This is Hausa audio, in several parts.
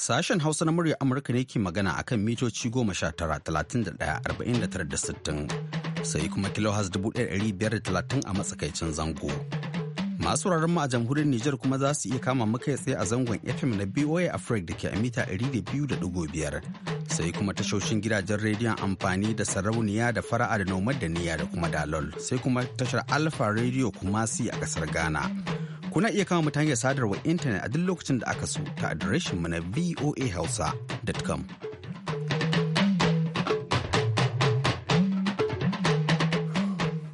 Sashen Hausa na murya Amurka ne ke magana a kan mitoci goma sha tara talatin da ɗaya arba'in da tara da sittin sai kuma kilohas dubu ɗaya ɗari biyar da talatin a matsakaicin zango. Masu wuraren mu a jamhuriyar Nijar kuma za su iya kama muka tsaye a zangon FM na BOA Africa da ke a mita ɗari da biyu da ɗigo biyar sai kuma tashoshin gidajen rediyon amfani da sarauniya da fara'a da nomad da niyya da kuma dalol sai kuma tashar Alfa Radio kuma si a ƙasar Ghana. Kuna iya kama mutane da sadarwar intanet a duk lokacin da aka so ta mu na voahausa.com.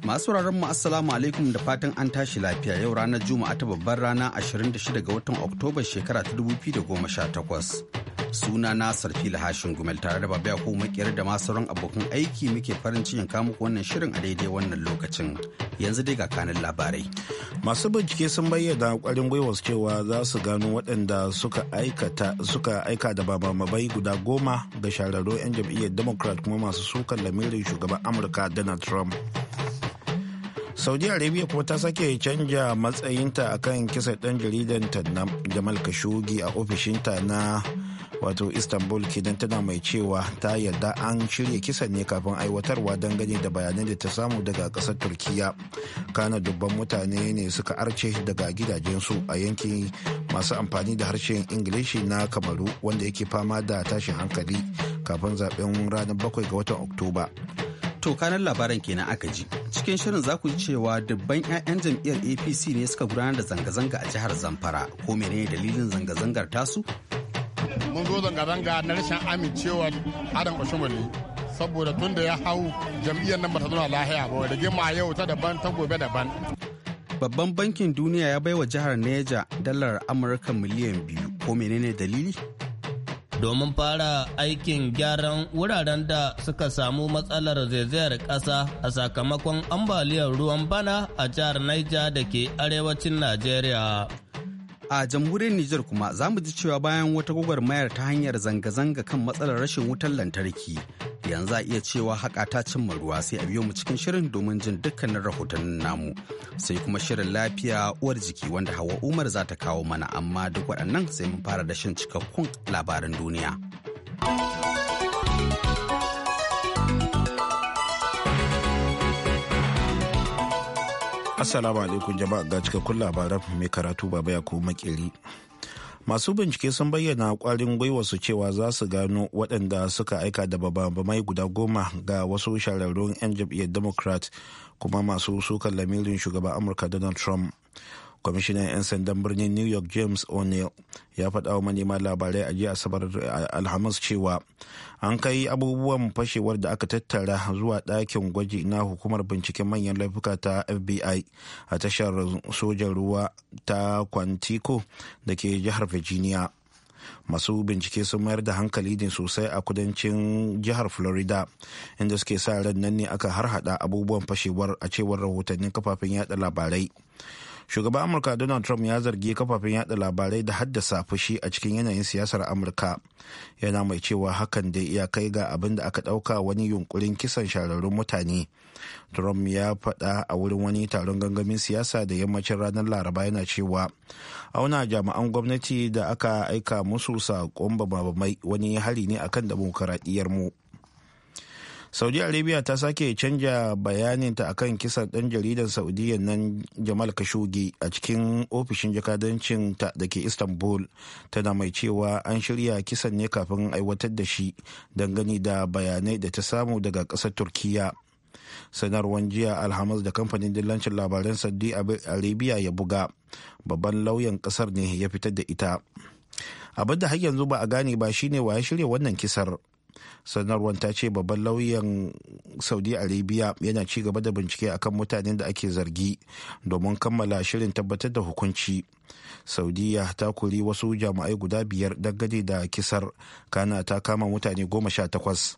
Masu wuraren mu Assalamu alaikum da fatan an tashi lafiya yau ranar Juma'a ta babbar rana 26 ga watan Oktoba shekara ta 2018. Suna na Sarfi lahashin Gumel tare da Babiya ko makiyar da masu ran abokan aiki muke farin cikin kamu wannan shirin a daidai wannan lokacin. Yanzu dai ga kanin labarai. Masu bincike sun bayyana kwarin gwiwar cewa za su gano waɗanda suka aikata suka aika da mabai guda goma ga shararro 'yan jam'iyyar Democrat kuma masu sukan lamirin shugaban Amurka Donald Trump. saudi arabia kuma ta sake canja matsayinta akan kisa dan jaridan na jamal kashugi a ofishinta na wato istanbul kidan tana mai cewa ta yarda an shirya kisa ne kafin aiwatarwa gani da bayanai da ta samu daga kasar turkiya kana dubban mutane ne suka arce daga gidajensu a yankin masu amfani da harshen ingilishi na kamaru wanda yake fama da tashin hankali kafin zaben ranar 7 ga watan oktoba To kanan labaran kenan aka ji. Cikin shirin za ku ji cewa dubban 'ya'yan jam'iyyar APC ne suka gudanar da zanga-zanga a jihar Zamfara. Ko menene dalilin zanga-zangar tasu? Mun zo zanga-zanga na rashin amincewar Adam Oshomole. Saboda tun da ya hau jam'iyyar nan ba ta zuna lahiya ba, gima yau ta daban ta gobe daban. Babban bankin duniya ya bai wa jihar Neja dalar Amurka miliyan biyu. Ko menene dalili? domin fara aikin gyaran wuraren da suka samu matsalar zaizayar ƙasa a sakamakon ambaliyar ruwan bana a jihar Niger da ke arewacin Najeriya. A jamhuriyar Nijar kuma za mu ji cewa bayan wata gwagwarmayar ta hanyar zanga-zanga kan matsalar rashin wutar lantarki, yanzu a iya cewa haƙa ta cimma ruwa sai a biyo mu cikin shirin domin jin dukkanin rahotannin namu sai kuma shirin lafiya uwar jiki wanda hawa umar za ta kawo mana amma duk waɗannan sai mun fara da shin cikakkun labaran duniya assalamu alaikum jama'a ga cikakkun labaran mai karatu baba ya ko makeri masu bincike sun bayyana kwarin su cewa za su gano waɗanda suka aika da babamai guda goma ga wasu shararrun 'yan jam'iyyar democrat kuma masu sukan lamirin shugaban amurka donald trump kwamishinan 'yan sandan birnin new york james o'neill ya faɗa wa manema labarai a jiya asabar eh, alhamis cewa an kai abubuwan fashewar da aka tattara zuwa ɗakin gwaji na hukumar binciken manyan laifuka ta fbi a tashar sojan ruwa ta kwantiko da ke jihar virginia masu bincike sun mayar da hankali ne sosai a kudancin jihar florida inda suke sa ran nan ne aka harhaɗa abubuwan fashewar a cewar rahotannin kafafen yada labarai shugaban amurka donald trump ya zargi kafafen yada labarai da haddasa fushi a cikin yanayin siyasar amurka yana mai cewa hakan da iya kai ga abin da aka dauka wani yunkurin kisan shahararrun mutane trump ya faɗa a wurin wani taron gangamin siyasa da yammacin ranar laraba yana cewa auna jami'an gwamnati da aka aika musu saƙon babamai wani hari ne akan dimokuraɗiyyar mu saudi arabia ta sake canja bayaninta kan kisan dan jaridan saudiya nan jamal kashogi a cikin ofishin jakadancin ta da ke istanbul tana mai cewa an shirya kisan ne kafin aiwatar da shi dangane da bayanai da ta samu daga ƙasar turkiya sanarwar jiya alhamis da kamfanin dillancin labaran saudi arabia ya buga babban lauyan kasar ne ya fitar da ita abin da har yanzu ba a gane ba shine wa ya shirya wannan kisar sanarwar ta ce babban lauyan saudi arabia yana ci gaba da bincike akan mutanen da ake zargi domin kammala shirin tabbatar da hukunci saudiya ta kuri wasu jami'ai guda biyar dangane da kisar kana ta kama mutane goma sha takwas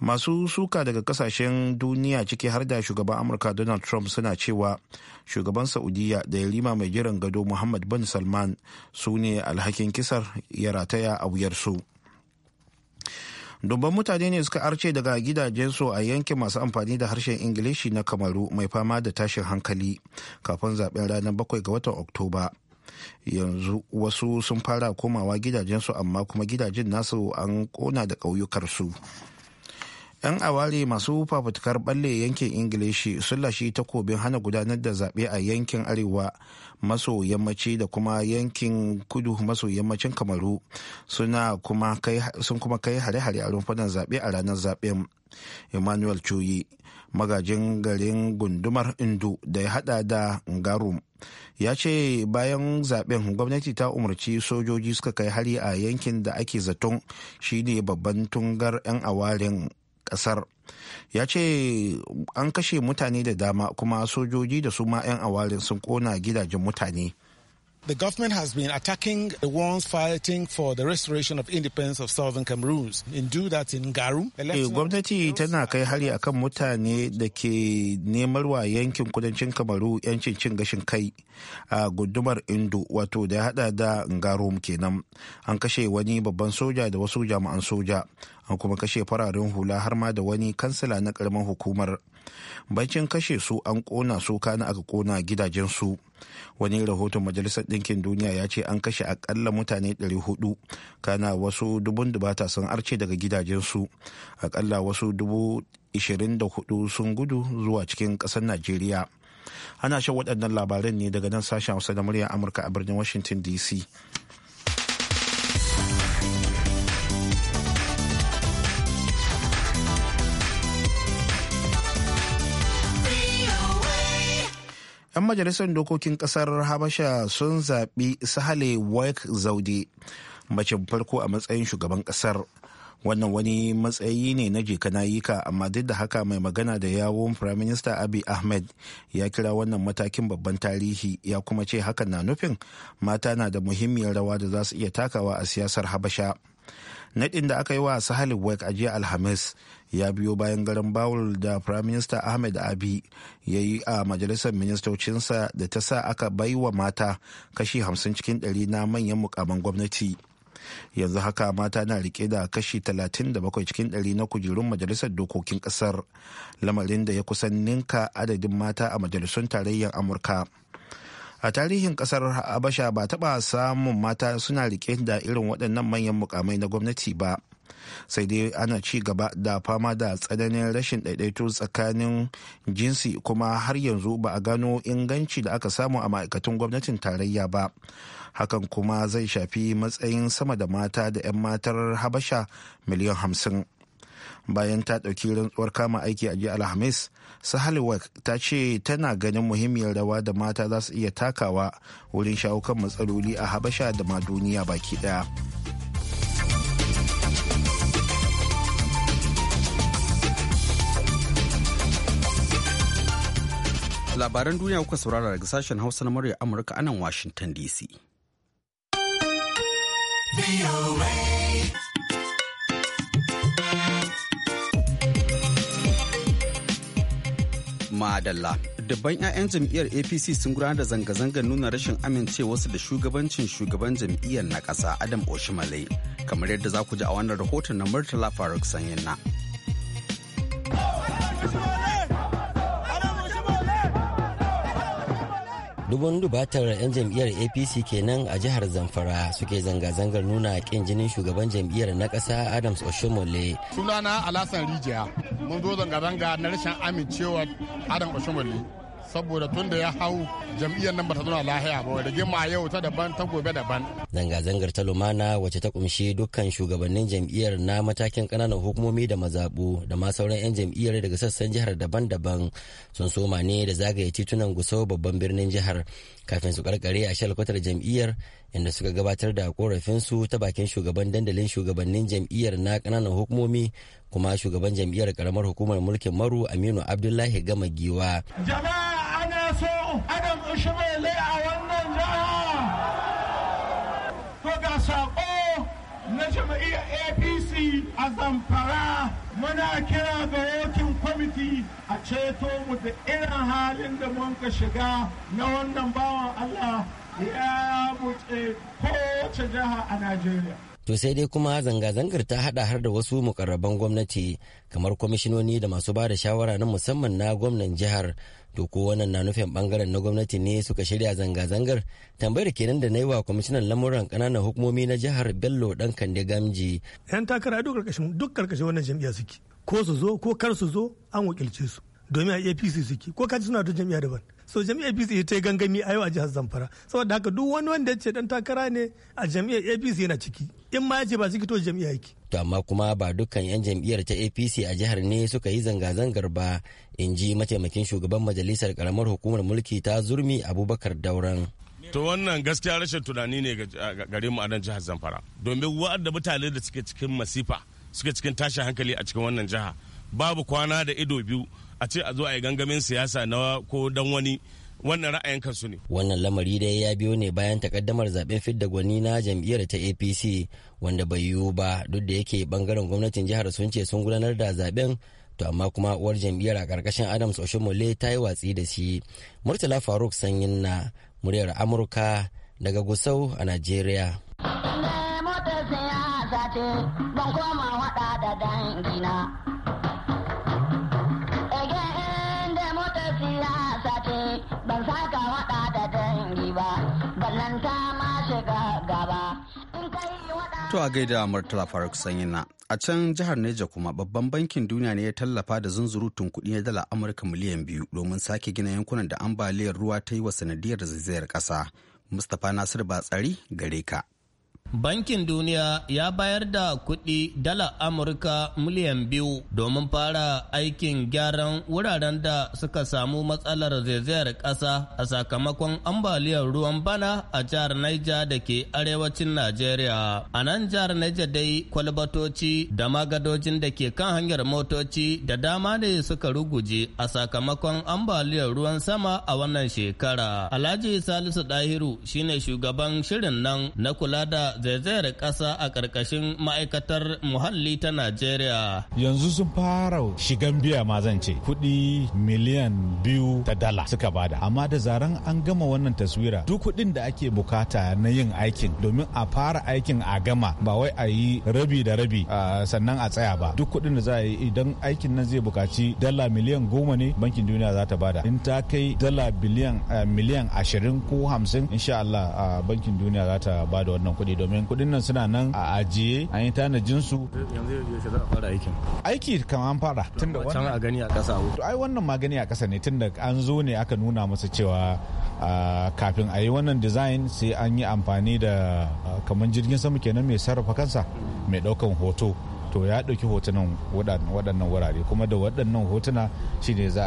masu suka daga kasashen duniya ciki har da shugaban amurka donald trump suna cewa shugaban saudiya da yarima mai jiran gado muhammad bin salman su ne alhakin kisar ya rataya a wuyarsu dubban mutane ne suka arce daga gidajensu a yankin masu amfani da harshen ingilishi na kamaru mai fama da tashin hankali kafin zaben ranar bakwai ga watan oktoba yanzu wasu sun fara komawa gidajensu amma kuma gidajen nasu an kona da ƙauyukarsu. su 'yan aware masu fafutukar balle yankin ingilishi sun lashe takobin hana gudanar da zaɓe a yankin arewa maso yammaci da kuma yankin kudu maso yammacin kamaru sun kuma kai hare-hare a rumfunan zaɓe a ranar zaɓen emmanuel Choyi magajin garin gundumar indu da ya hada da ngarum ya ce bayan zaben gwamnati ta umarci sojoji suka kai hari a yankin da ake zaton shine babban tungar 'yan awarin kasar ya ce an kashe mutane da dama kuma sojoji da su ma 'yan awalin sun kona gidajen mutane The government has been attacking the ones fighting for the restoration of independence of southern Cameroon. In do that in Garu. Eh, gwamnati tana kai hari akan mutane da ke nemar wa yankin kudancin Kamaru yancin cin gashin kai a gundumar Indo wato da ya hada da Ngarum kenan. An kashe wani babban soja da wasu jami'an soja. An kuma kashe fararen hula har ma da wani kansila na karamin hukumar. bancin kashe su an kona su kana aka kona gidajensu wani rahoton majalisar ɗinkin duniya ya ce an kashe akalla mutane 400 kana wasu dubun dubata sun arce daga gidajensu akalla wasu dubu 24 sun gudu zuwa cikin ƙasar najeriya ana shan waɗannan labaran ne daga nan sashen hausa da muryar amurka a birnin washington dc 'yan majalisar dokokin kasar habasha sun zaɓi sahale waik zaude mace farko a matsayin shugaban kasar wannan wani matsayi ne na nayika amma duk da haka mai magana da yawon prime minister abiy ahmed ya kira wannan matakin babban tarihi ya kuma ce hakan na nufin mata na da muhimmiyar rawa da za su iya takawa a siyasar habasha naɗin da aka yi wa sahale waik a jiya alhamis ya biyo bayan garin bawul da prime minister ahmed abi ya yi a majalisar ministocinsa da ta sa aka bai wa mata kashi 50 cikin 100 na manyan mukaman gwamnati yanzu haka mata na rike da kashi 37 cikin 100 na kujerun majalisar dokokin kasar lamarin da ya kusan ninka adadin mata a majalisun tarayyar amurka a tarihin kasar habasha ba taba samun mata suna rike da irin waɗannan manyan mukamai na gwamnati ba sai dai ana ci gaba da fama da tsananin rashin daidaito tsakanin jinsi kuma har yanzu ba a gano inganci da aka samu a ma'aikatan gwamnatin tarayya ba hakan kuma zai shafi matsayin sama da mata da 'yan matar habasha miliyan hamsin bayan ta ɗauki rantsuwar kama aiki a jiya alhamis sahalwak ta ce tana ganin muhimmiyar rawa da mata za su iya takawa wurin shawo kan matsaloli a habasha da ma duniya baki ɗaya. Labaran duniya kuka saurara daga sashen Hausa na murya Amurka anan Washington DC. Madalla. dubban 'ya'yan jam'iyyar APC sun gudanar da zanga-zangar nuna rashin amincewarsu da shugabancin shugaban jam'iyyar na ƙasa Adam Oshimale. Kamar yadda za ku ji a wannan rahoton na Murtala Faruk Sanyinna. dubun dubatar 'yan jam'iyyar apc kenan a jihar zamfara suke zanga-zangar nuna kin jinin shugaban jam'iyyar na ƙasa adams oshomole sunana alasan rijiya mun zo zanga-zanga na rashin amincewar adam oshomole saboda tun da ya hau jam'iyyar nan bata a lahiya ba da gima yau ta daban ta gobe daban zanga-zangar ta lumana wacce ta kumshi dukkan shugabannin jam'iyyar na matakin kananan hukumomi da mazabu da ma sauran 'yan jam'iyyar daga sassan jihar daban-daban sun soma ne da zagaye titunan gusau babban birnin jihar kafin su karkare a shalkwatar jam'iyyar inda suka gabatar da korafinsu ta bakin shugaban dandalin shugabannin jam'iyyar na kananan hukumomi kuma shugaban jam'iyyar karamar hukumar mulkin maru aminu abdullahi gama giwa jama'a mu adam ushimele a wannan jiha to ga saƙo na jam'iyyar apc a zamfara muna kira ga yankin kwamiti a ceto mu da irin halin da muka shiga na wannan bawan allah ya mutse kowace jiha a najeriya to sai dai kuma zanga-zangar ta hada har da wasu mukarraban gwamnati kamar kwamishinoni da masu ba da shawara na musamman na gwamnan jihar to ko wannan na nufin bangaren na gwamnati ne suka shirya zanga-zangar tambayar kenan da na yi wa kwamishinan lamuran kananan hukumomi na jihar bello dan kande gamji yan takara duk karkashin duk karkashin wannan jam'iyya suke ko su zo ko kar su zo an wakilce su domin a apc suke ko kaji suna da jami'a daban so jam'iyyar apc ta gangami a yau a jihar zamfara saboda haka duk wani wanda ya ce dan takara ne a jam'iyyar apc yana ciki in ma ya ce ba ciki to jami'a yake to amma kuma ba dukkan 'yan jam'iyyar ta apc a jihar ne suka yi zanga-zangar ba in ji mataimakin shugaban majalisar karamar hukumar mulki ta zurmi abubakar dauran to wannan gaskiya rashin tunani ne gare mu a nan jihar zamfara domin wa'adda mutane da suke cikin masifa suke cikin tashin hankali a cikin wannan jiha babu kwana da ido biyu a ce a zo a yi gangamin siyasa na ko dan wani wannan ra'ayin kansu ne. Wannan lamari dai ya biyo ne bayan takaddamar zaben fidda gwani na jam'iyyar ta APC wanda bai yiwu ba duk da yake bangaren gwamnatin jihar sun ce sun gudanar da zaben to amma kuma uwar jam'iyyar a karkashin Adams Oshomole ta yi watsi da shi. Murtala Faruk Sanyin na muryar Amurka daga Gusau a Najeriya. Ne motar sai koma waɗa da dangina. To a gaida Murtala Faruk Sanyina. A can jihar Neja kuma babban bankin duniya ne ya tallafa da zunzurutun kuɗi na dala Amurka miliyan biyu domin sake gina yankunan da ambaliyar ruwa ta yi wa sanadiyar zaizayar ƙasa. Mustapha Nasir Batsari gare ka. Bankin Duniya ya bayar da kuɗi dala Amurka miliyan biyu domin fara aikin gyaran wuraren da suka samu matsalar zaizayar ƙasa a sakamakon ambaliyar ruwan bana a jihar Niger da ke arewacin Najeriya. A nan jihar Niger dai kwalbatoci da magadojin da ke kan hanyar motoci da dama ne suka ruguje a sakamakon ambaliyar ruwan sama a wannan shekara. Alhaji Salisu Dahiru shine shugaban shirin nan na kula da zaizayar ƙasa a ƙarƙashin ma'aikatar muhalli ta Najeriya. Yanzu sun fara shigan biya ma zan ce kuɗi miliyan biyu ta dala suka bada. Amma da zaran an gama wannan taswira duk kuɗin da ake bukata na yin aikin domin a fara aikin a gama ba wai a yi rabi da rabi sannan a tsaya ba. Duk kuɗin da za a yi idan aikin nan zai bukaci dala miliyan goma ne bankin duniya za ta bada. In ta kai dala biliyan miliyan ashirin ko hamsin insha Allah bankin duniya za ta bada wannan kuɗi domin kuɗin nan suna nan a ajiye an yi tanajin su yanzu za a fara aikin aiki kan an fara tunda wannan a gani a ƙasa to ai wannan ma gani a ƙasa ne tunda an zo ne aka nuna masa cewa kafin a yi wannan design sai an yi amfani da kamar jirgin sama kenan mai sarrafa kansa mai ɗaukan hoto to ya ɗauki hotunan waɗannan wurare kuma da waɗannan hotuna shine za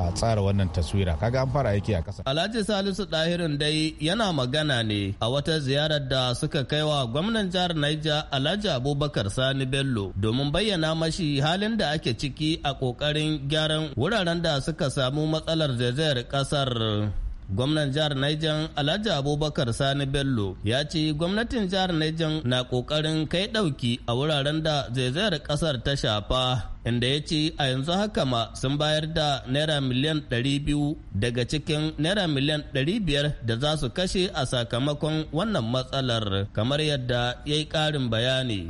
a tsara wannan taswira kaga an fara aiki a ƙasa. alhaji salisu ɗahirin dai yana magana ne a wata ziyarar da suka kai wa gwamnan jihar niger alhaji abubakar sani bello domin bayyana mashi halin da ake ciki a ƙoƙarin gyaran wuraren da suka samu matsalar zaizayar ƙasar gwamnan jihar Niger Alhaji Abubakar Sani Bello ya ce gwamnatin jihar Niger na kokarin kai dauki a wuraren da zaizayar kasar ta shafa inda ya ce a yanzu haka ma sun bayar da naira miliyan 200 daga cikin naira miliyan 500 da za su kashe a sakamakon wannan matsalar kamar yadda ya yi ƙarin bayani.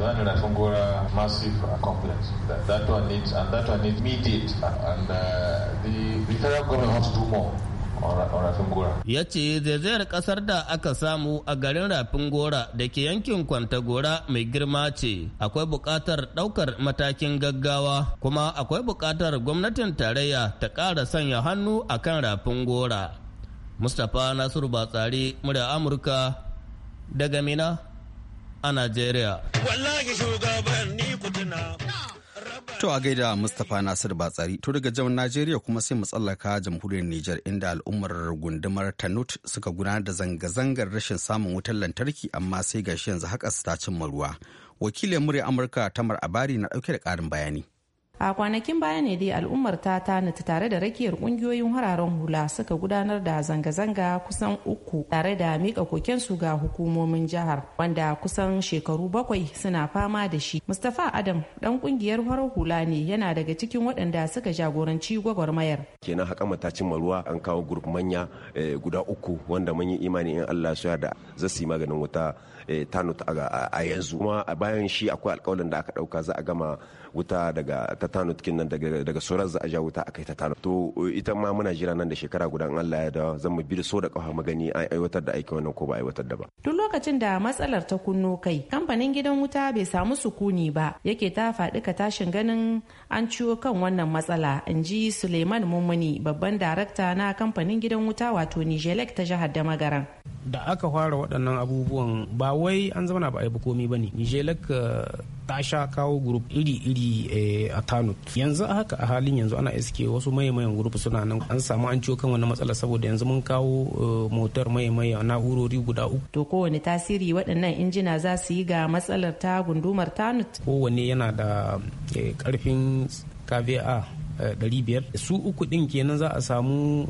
That one needs and that one needs and uh, the, the federal government has to do more. ya ce zaizayar kasar da aka samu a garin rafin gora da ke yankin kwantagora mai girma ce akwai buƙatar ɗaukar matakin gaggawa kuma akwai buƙatar gwamnatin tarayya ta ƙara sanya hannu a kan rafin gora mustapha nasiru batsari murya amurka daga mina a nigeria. wallahi shugaban kutuna To a gaida Mustapha Nasir Batsari to daga jam Najeriya kuma sai mu tsallaka jamhuriyar Nijar inda al'ummar gundumar Tanut suka gudanar da zanga-zangar rashin samun wutar lantarki amma sai gashi yanzu haka su ta cimma ruwa. Wakilin murya Amurka Tamar Abari na ɗauke da ƙarin bayani. a kwanakin baya ne dai al'ummar ta ta tare da rakiyar kungiyoyin hararen hula suka gudanar da zanga-zanga kusan uku tare da mika kokensu ga hukumomin jihar wanda kusan shekaru bakwai suna fama da shi mustapha adam dan kungiyar farar hula ne yana daga cikin waɗanda suka jagoranci gwagwarmayar kenan haka matacin cimma ruwa an kawo gurup manya eh, guda uku wanda mun yi imani in allah su da zasu yi maganin wuta Eh, tanut a yanzu kuma a bayan shi akwai alkawalin da aka dauka za a gama wuta daga ta tanut nan daga sauran za a ja wuta akai ta tanut to ita ma muna jira nan da shekara guda in Allah ya da zan mu bi da so da kafa magani gani an aiwatar da aiki wannan ko ba aiwatar da ba duk lokacin da matsalar ta kunno kai kamfanin gidan wuta bai samu sukuni ba yake ta faɗi ka tashin ganin an ciwo kan wannan matsala in ji Suleiman Mummuni babban darakta na kamfanin gidan wuta wato Nijelek ta jihar Damagaran da aka fara waɗannan abubuwan ba wai an na ba a yi komi ba ne nijelak eh, ta sha kawo grup iri-iri eh, a tanut yanzu haka a halin yanzu ana iske wasu mayan grup suna nan an samu an ciwo kan wani matsala saboda yanzu mun kawo eh, motar mayan na'urori guda uku to kowane tasiri waɗannan injina za su yi ga matsalar ta gundumar tanut kowane yana da karfin kva 500 su uku din kenan za a samu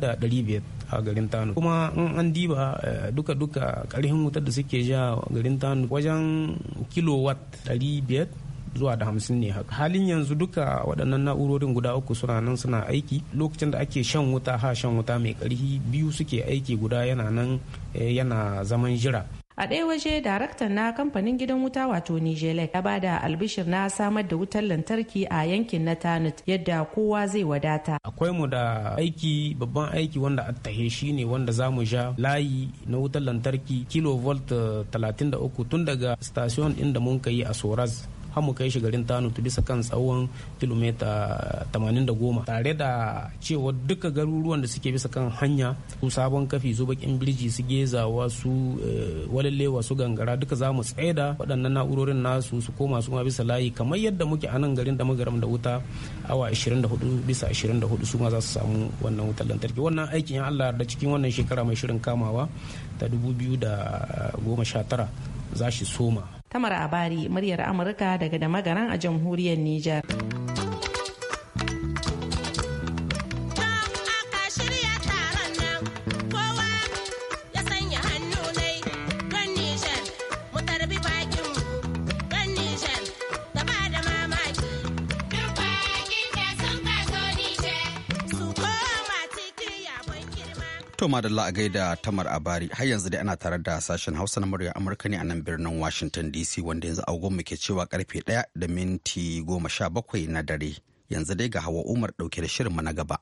da dari 1500 a garin Tano kuma in an diba eh, duka duka karhin wutar da suke ja garin Tano wajen kilowatt 500 zuwa da hamsin ne haka halin yanzu duka waɗannan na'urorin guda uku suna nan suna aiki lokacin da ake shan wuta ha shan wuta mai ƙarfi biyu suke aiki guda yana nan eh, yana zaman jira a ɗaya waje daraktan na kamfanin gidan wuta wato nijelek ya bada albishir na samar da wutar lantarki a yankin na tanit yadda kowa zai wadata akwai mu da aiki babban aiki wanda a tahe shi ne wanda za mu sha layi na wutar lantarki kilovolt 33 eh, tun daga station inda da mun yi a soraz har mu kai shi garin Tanutu bisa kan tsawon kilomita 80 tare da cewa duka garuruwan da suke bisa kan hanya su sabon kafi su bakin birji su geza wasu eh, walallewa su gangara duka za mu tsaida waɗannan na'urorin nasu su koma su ma bisa layi kamar yadda muke a nan garin da magaram da wuta awa 24 bisa 24 su ma za su samu wannan wutar lantarki wannan aikin ya Allah da cikin wannan shekara mai shirin kamawa ta 2019 za shi soma Tamar Abari, muryar Amurka daga da magaran a jamhuriyar Nijar. To madalla a gaida tamar abari har yanzu dai ana tare da sashen Hausa na murya Amurka ne a nan birnin Washington DC wanda yanzu agogon mu ke cewa karfe 1 da minti 17 na dare. Yanzu dai ga Hawa Umar ɗauke da shirinmu na gaba.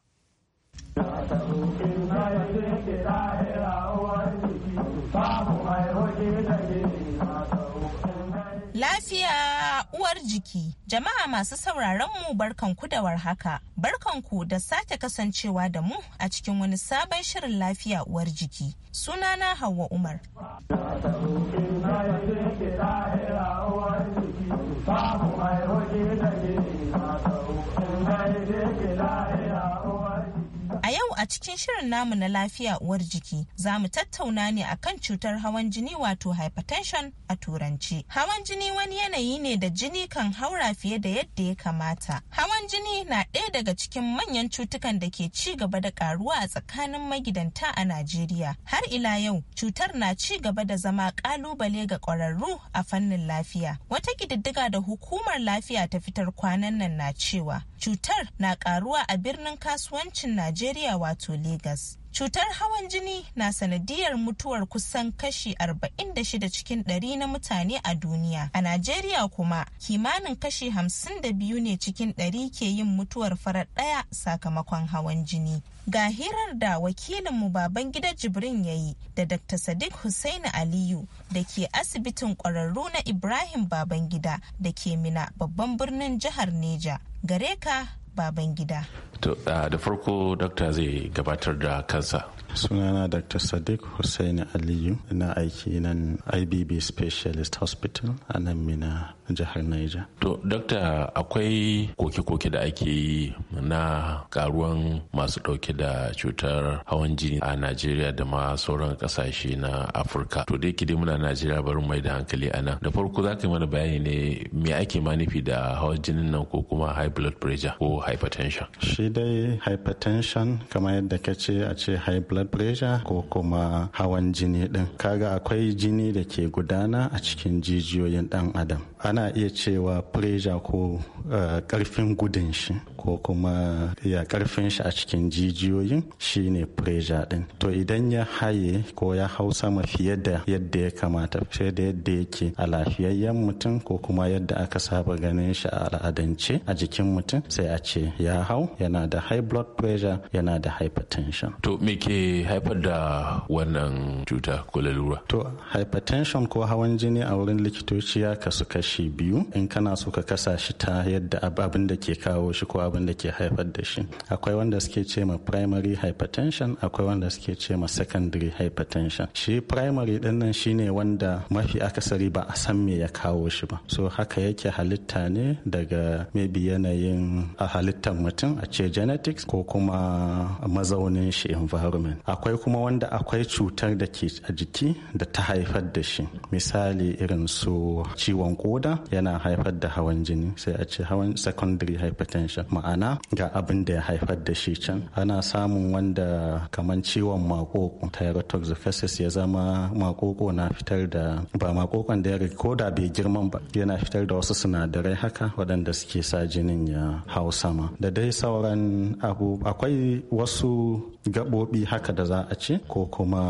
jiki. Jama'a masu sauraron mu barkanku da warhaka. Barkanku da sake kasancewa da mu a cikin wani sabon shirin lafiya uwar jiki. Sunana Hauwa Umar. a cikin shirin namu na lafiya uwar jiki za mu tattauna ne a kan cutar hawan jini wato hypertension a turanci. Hawan jini wani yanayi ne da jini kan haura fiye da yadda ya kamata. Hawan jini na ɗaya daga cikin manyan cutukan da ke ci gaba da karuwa a tsakanin magidanta a Najeriya. Har ila yau cutar na ci gaba da zama kalubale ga ƙwararru a fannin lafiya. Wata kididdiga da hukumar lafiya ta fitar kwanan nan na cewa cutar na karuwa a birnin kasuwancin Najeriya wato Legas. Cutar hawan jini na sanadiyar mutuwar kusan kashi 46 cikin ɗari na mutane a duniya. A Najeriya kuma kimanin kashi 52 ne cikin ɗari ke yin mutuwar farar ɗaya sakamakon hawan jini. Ga hirar da wakilinmu baban gida Jibrin ya yi da Dr. Sadiq Hussaini Aliyu da ke asibitin ƙwararru na Ibrahim Babangida da ke Mina babban birnin jihar Neja. Gare ka baban gida. Ah, da farko dakta zai gabatar da kansa. sunana dr sadiq hussein aliyu na aiki nan ibb specialist hospital a nan mina jihar niger to dokta akwai koke-koke da ake yi na karuwan masu dauke da cutar hawan jini a najeriya da ma sauran kasashe na afirka to dai dai muna najeriya bari mai da hankali a nan da farko za ka yi mana bayani ne me ake ma nufi da hawan jinin nan ko kuma high blood pressure ko hypertension shi dai hypertension kamar yadda ka ce a ce high blood blood pressure ko kuma hawan jini din kaga akwai jini da ke gudana a cikin jijiyoyin ɗan adam ana iya cewa pressure ko karfin eh, gudun shi ko kuma ya karfin shi a cikin jijiyoyin shine pressure din to idan ya haye ko ya hau sama fiye da yadda ya kamata fiye da yadda yake a lafiyayyen mutum ko kuma yadda aka saba ganin shi a al'adance a jikin mutum sai a ce ya hau yana da high blood pressure yana da hypertension to me ke haifar da wannan cuta ko lalura to hypertension ko hawan jini a wurin likitoci ya kasu kashi kashi biyu in kana so ka kasa shi ta yadda abin da ke kawo shi ko abin da ke haifar da shi akwai wanda suke ce ma primary hypertension akwai wanda suke ce ma secondary hypertension shi primary din nan shine wanda mafi akasari ba a san me ya kawo shi ba so haka yake halitta ne daga maybe yanayin a halittar mutum a ce genetics ko kuma mazaunin shi environment akwai kuma wanda akwai cutar da ke a jiki da ta haifar da shi misali irin su ciwon koda koda yana haifar da hawan jini sai a ce hawan secondary hypertension ma'ana ga abin da ya haifar da shi can ana samun wanda kamar ciwon makoko thyrotoxophasis ya zama makoko na fitar da ba makokon da ya koda bai girman ba yana fitar da wasu sinadarai haka waɗanda suke sa jinin ya hau sama da dai sauran abu akwai wasu gaɓoɓi haka da za a ce ko kuma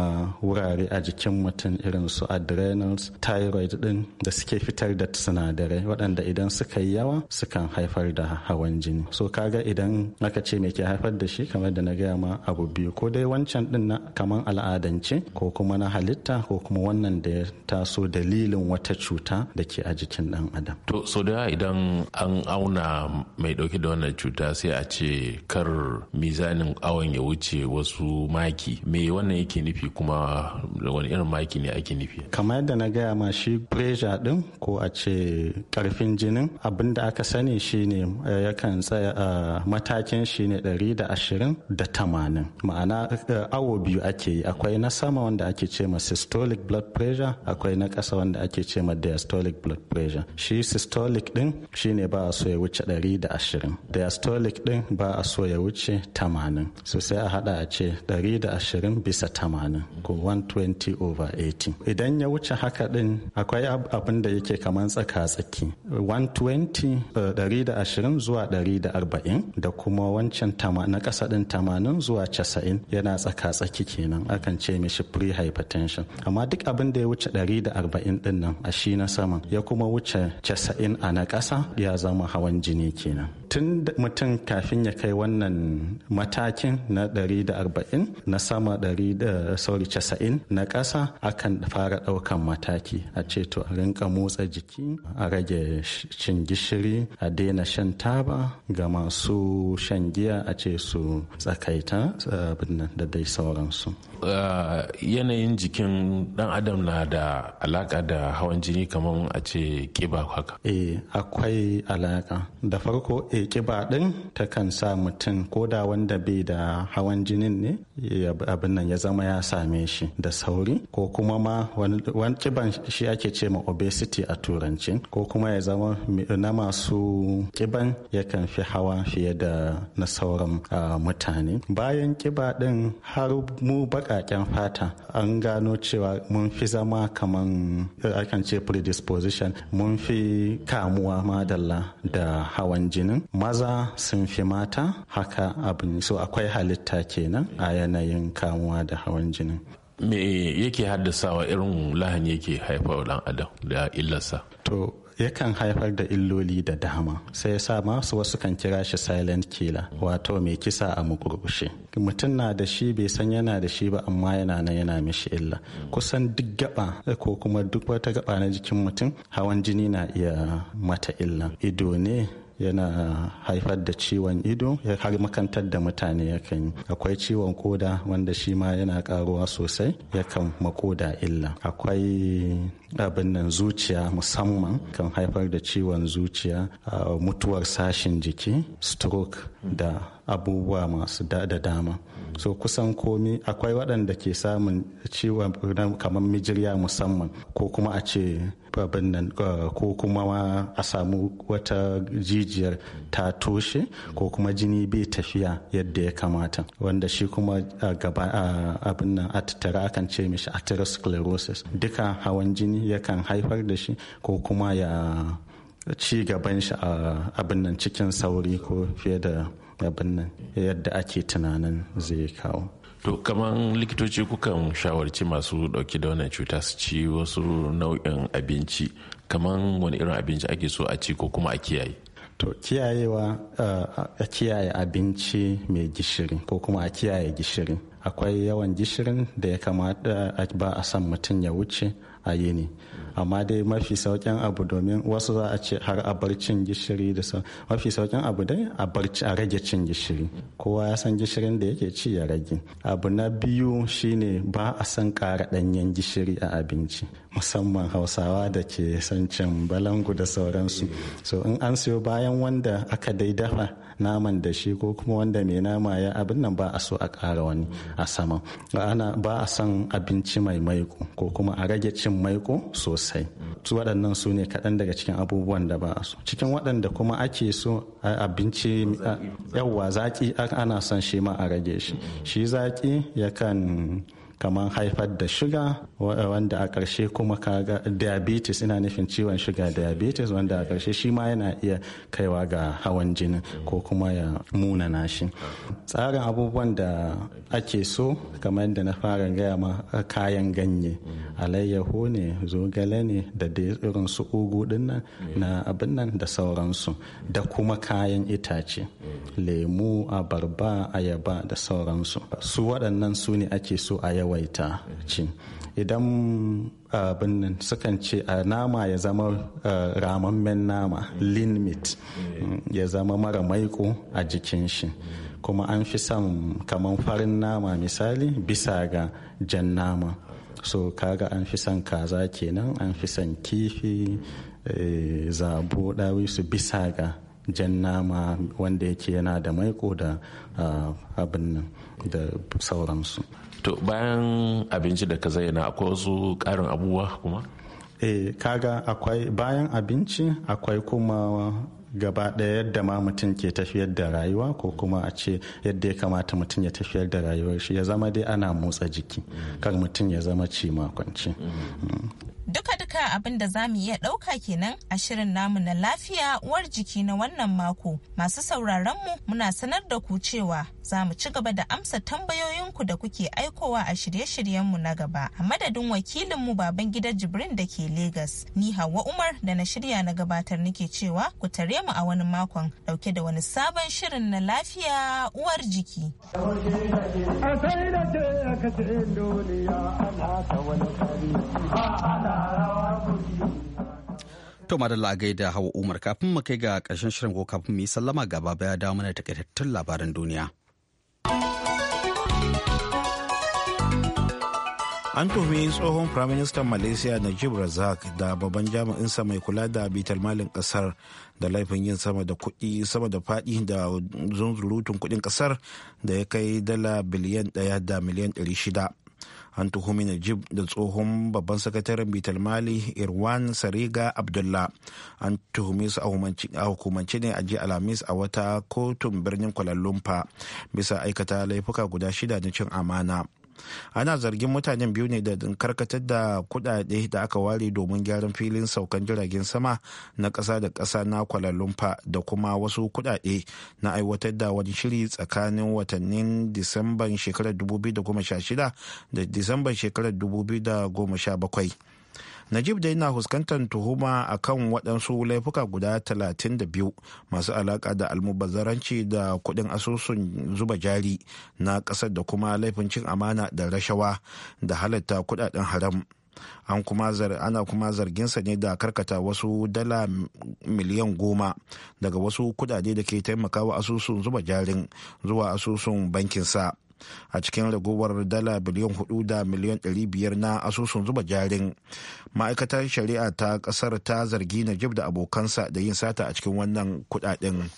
wurare a jikin mutum irin su adrenals thyroid din da suke fitar da sinadarai waɗanda idan suka yi yawa sukan haifar da hawan jini so kaga idan aka ce me ke haifar da shi kamar da na gaya ma abu biyu ko dai wancan din na kaman al'adance ko kuma na halitta ko kuma wannan da ya taso dalilin wata cuta da ke a jikin ɗan adam to so da idan an auna mai ɗauke da wannan cuta sai a ce kar mizanin awon ya wuce wasu maki me wannan yake nufi kuma wani irin maki ne ake nufi kamar yadda na gaya ma shi pressure din ko a ce ce karfin jinin abin da aka sani shine eh, yakan tsaya a matakin shine 120 da ashirin da tamanin ma'ana eh, awo biyu ake yi akwai na sama wanda ake ce ma systolic blood pressure akwai na ƙasa wanda ake ce ma diastolic blood pressure shi systolic din shine ba a so ya wuce da 120 diastolic din ba a so ya wuce tamanin so sai a hada a ce 120 bisa 80 ko 120 over 80 idan ya wuce haka din akwai abin da yake kamar tsaka-tsaki 120 eh, zuwa 140 da kuma wancan na kasa din 80 zuwa 90 yana tsaka-tsaki kenan akan ce mishi pre-hypertension amma duk abin da ya wuce 140 din nan a shi na saman ya kuma wuce 90 a na kasa ya zama hawan jini kenan tun mutum kafin ya kai wannan matakin na 140 na sama 190 na kasa akan fara ɗaukan mataki a ce to a rinka motsa jiki a rage cin gishiri a daina shan taba ga masu shan giya a ce su tsakaita da dai sauransu yanayin jikin dan adam na da alaka da hawan jini kamar a ce kiba haka eh akwai alaka da farko e eh, kiba din kan sa mutum ko da wanda bai da hawan jinin ne abin nan ya zama ya same shi da sauri ko kuma ma wani kiban shi ake ce ma obesity a turanci hancin ko kuma ya zama na masu kiban yakan fi hawa fiye da na sauran mutane bayan kiba din har mu baƙaƙen fata an gano cewa mun fi zama kamar akan ce predisposition mun fi kamuwa madalla da hawan jinin maza sun fi mata haka abin so akwai halitta kenan a yanayin kamuwa da hawan jinin me yake haddasawa irin lahani yake haifa dan adam da illarsa to yakan haifar da illoli da dama sai sa masu wasu kan kira shi silent killer wato mai kisa a mukurkushe mutum na da shi bai san yana da shi ba amma yana nan yana mishi illa kusan duk gaba ko kuma duk wata gaba na jikin mutum hawan jini na iya mata illa ido ne yana haifar da ciwon ido ya har makantar da mutane yakan yi akwai ciwon koda wanda shi ma yana karuwa sosai yakan makoda illa akwai abin nan zuciya musamman kan haifar da ciwon zuciya mutuwar sashin jiki stroke da abubuwa masu da dama so kusan komi akwai waɗanda ke samun ciwon kamar mijirya musamman ko kuma a ce nan ko kuma a samu wata jijiyar ta toshe ko kuma jini bai tafiya yadda ya kamata wanda shi kuma gaba abin nan a tattara akan ce mishi atherosclerosis duka hawan jini yakan haifar da shi ko kuma ya ci gaban shi a abin nan cikin sauri ko fiye da abin yadda ake tunanin zai kawo to kamar likitoci kukan shawarci masu dauke da wannan cuta su ci wasu nau'in abinci kamar wani irin abinci ake so a ci ko kuma a kiyaye to kiyayewa eh, a kiyaye abinci mai gishiri ko kuma a kiyaye gishiri akwai yawan gishirin da ya kamata ba a san mutum ya wuce a yi yini amma dai mafi saukin abu domin wasu za a ce har a bar cin gishiri da sau mafi saukin abu dai a bar a rage cin gishiri kowa ya san gishirin da yake ci ya rage abu na biyu shine ba a san ƙara ɗanyen gishiri a abinci musamman hausawa da ke son cin balangu da sauransu so in an siyo bayan wanda aka dai dafa naman da shi ko kuma wanda mai nama ya abin nan ba a so a ƙara wani a sama ba a son abinci mai maiko ko kuma a rage cin maiko sosai su waɗannan su ne kaɗan daga cikin abubuwan da ba a so cikin waɗanda kuma ake so abinci yawwa zaƙi ana son shi ma a rage shi shi zaƙi yakan kamar haifar da shuga wanda a ƙarshe kuma kaga diabetes ina nufin ciwon shuga diabetes wanda a ƙarshe shi ma yana iya kaiwa ga hawan jini ko kuma ya munana shi tsarin abubuwan da ake so kamar yadda na fara gaya ma kayan ganye alayyahu ne zogale ne da irin su ugu dinnan na abin nan da sauransu da kuma kayan itace lemu abarba ayaba da sauransu su waɗannan su ne ake so a yawa yawaita ci idan ah, abin nan sukan ce a ah, nama ya zama ah, ramammen nama lean meat mm, ya zama mara maiko a jikin shi kuma an fi son kamar farin nama misali bisa ga jan nama so kaga an fi son kaza kenan an fi son kifi eh, zabo dawi su bisa ga jan nama wanda yake yana da maiko da abin nan da sauransu to bayan abinci da ka zayyana akwai wasu karin abubuwa kuma eh kaga akwai bayan abinci akwai kuma gaba ɗaya yadda ma mutum ke tafiyar da rayuwa ko kuma a ce yadda ya kamata mutum ya tafiyar da rayuwar shi ya zama dai ana motsa jiki kar mutum ya zama ci makwanci mm. duka-duka abin da za mu iya ɗauka kenan a shirin namu na lafiya uwar jiki na wannan mako masu sauraron mu muna sanar da ku cewa za mu ci gaba da amsa tambayoyinku da kuke aikowa a shirye-shiryenmu na gaba a madadin wakilinmu baban gida jibrin da ke Legas. Ni Hauwa Umar da na shirya na gabatar nake cewa ku tare mu a wani makon dauke da wani sabon shirin na lafiya uwar jiki. To madalla a gaida hawa Umar kafin mu kai ga ƙarshen shirin ko kafin mu yi sallama gaba baya dawo mana takaitattun labaran duniya. an tuhumi tsohon firaministan malaysia najib razak da babban jami'insa mai kula da bitar malin kasar da laifin yin sama da kuɗi sama da faɗi da zunzurutun kuɗin kasar da ya kai dala biliyan ɗaya da miliyan ɗari shida an tuhumi najib da tsohon babban sakataren bitar mali irwan sariga abdullah an tuhumi su a hukumance ne a ji alhamis a wata kotun birnin kuala bisa aikata laifuka guda shida na cin amana ana zargin mutanen biyu ne da karkatar da kudade da aka ware domin gyaran filin saukan jiragen sama na kasa da kasa na kwalalumfa da kuma wasu kudade na aiwatar da wani shiri tsakanin watannin disamban shekarar 2016 da disamban shekarar 2017 najib da yana fuskantar tuhuma a kan waɗansu laifuka guda 32 masu alaƙa da almubazzaranci da kuɗin asusun zuba jari na ƙasar da kuma laifin cin amana da rashawa da halatta kuɗaɗen haram an kuma ana kuma zarginsa ne da karkata wasu dala miliyan goma daga wasu kudade da ke taimakawa asusun zuba jarin zuwa asusun bankinsa a cikin ragowar dala biliyan hudu da miliyan ɗari biyar na asusun zuba jarin ma'aikatar shari'a ta ƙasar ta zargi najib da abokansa da yin sata a cikin wannan kuɗaɗen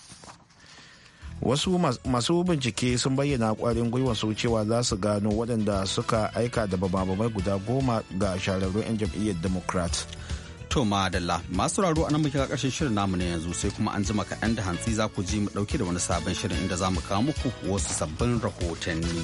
wasu masu bincike sun bayyana ƙwarin gwiwar su cewa za su gano waɗanda suka aika da babababai guda goma ga shahararrun 'yan jam'iyyar democrat To madalla masu raro a nan muke ga ƙarshen shirin namu ne yanzu sai kuma an jima kaɗan da hantsi za ku ji mu ɗauke da wani sabon shirin inda za mu kawo muku wasu sabbin rahotanni.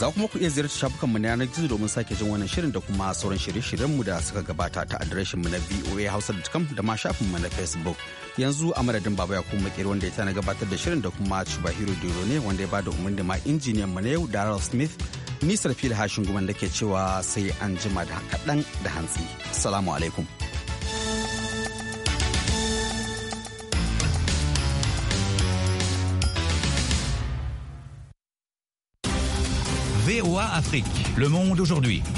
Za kuma ku iya ziyarci shafukanmu na yanar gizo domin sake jin wannan shirin da kuma sauran shirye-shiryenmu da suka gabata ta adireshinmu na hausa.com da ma shafinmu na Facebook. yanzu a madadin baba ya kuma makeri wanda ya na gabatar da shirin da kuma Shubahiro Dero ne wanda ya ba da umarni ma injiniyan mu na yau Daryl Smith nisar fili hashin guman da ke cewa sai an jima da kaɗan da hantsi. Salamu alaikum. VOA Afrique. Le monde aujourd'hui.